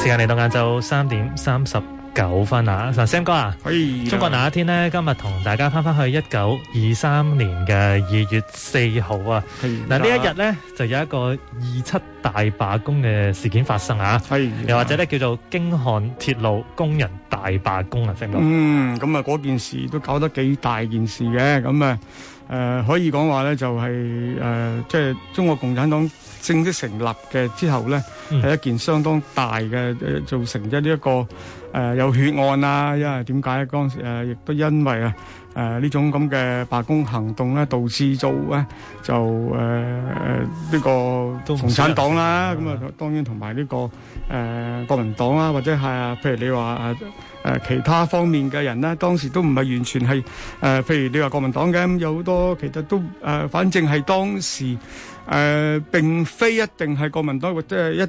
時間嚟到晏晝三點三十九分啊！嗱，Sam 哥啊，中國那一天呢？今日同大家翻翻去一九二三年嘅二月四號啊！嗱、啊，呢一日呢，就有一個二七大罷工嘅事件發生啊！又或者咧叫做京漢鐵路工人大罷工啊！Sam 哥，嗯，咁啊嗰件事都搞得幾大件事嘅，咁啊誒可以講話咧就係誒即係中國共產黨。正式成立嘅之後咧，係一件相當大嘅，造成咗呢一個誒、呃、有血案啊！因為點解咧？當時亦、呃、都因為啊。誒呢種咁嘅罷工行動咧，導致咗咧就誒誒呢個共產黨啦，咁啊當然同埋呢個誒國民黨啦，或者係啊，譬如你話誒誒其他方面嘅人咧，當時都唔係完全係誒，譬如你話國民黨嘅，咁有好多其實都誒，反正係當時誒並非一定係國民黨或者係一。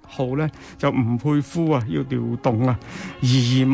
號咧，就吳佩孚啊要調動啊2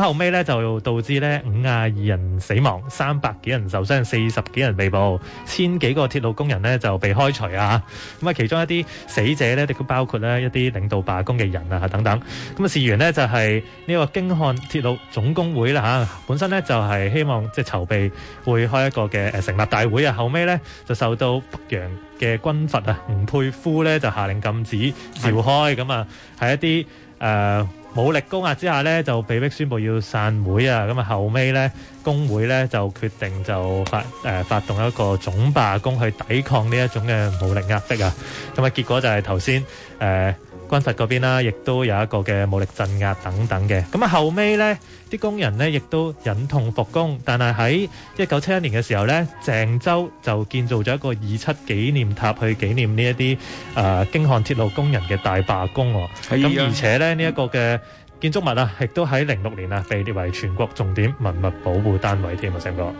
後尾咧就導致咧五十二人死亡，三百幾人受傷，四十幾人被捕，千幾個鐵路工人呢就被開除啊！咁啊，其中一啲死者咧，亦都包括咧一啲領導罷工嘅人啊等等。咁啊，事緣呢，就係呢個京漢鐵路總工會啦嚇，本身呢，就係希望即係籌備會開一個嘅成立大會啊。後尾呢，就受到北洋嘅軍閥啊吳佩孚呢就下令禁止召開，咁啊係一啲誒。呃武力高壓之下呢，就被迫宣佈要散會啊！咁啊後尾呢，工會呢就決定就發誒、呃、發動一個總罷工去抵抗呢一種嘅武力壓迫啊！咁啊結果就係頭先誒。呃軍閥嗰邊啦，亦都有一個嘅武力鎮壓等等嘅。咁啊，後尾呢，啲工人呢亦都忍痛復工，但係喺一九七一年嘅時候呢，鄭州就建造咗一個二七紀念塔去紀念呢一啲誒京漢鐵路工人嘅大罷工。哦，係啊，咁而且呢，呢一個嘅建築物啊，亦都喺零六年啊，被列為全國重點文物保護單位添啊，成哥。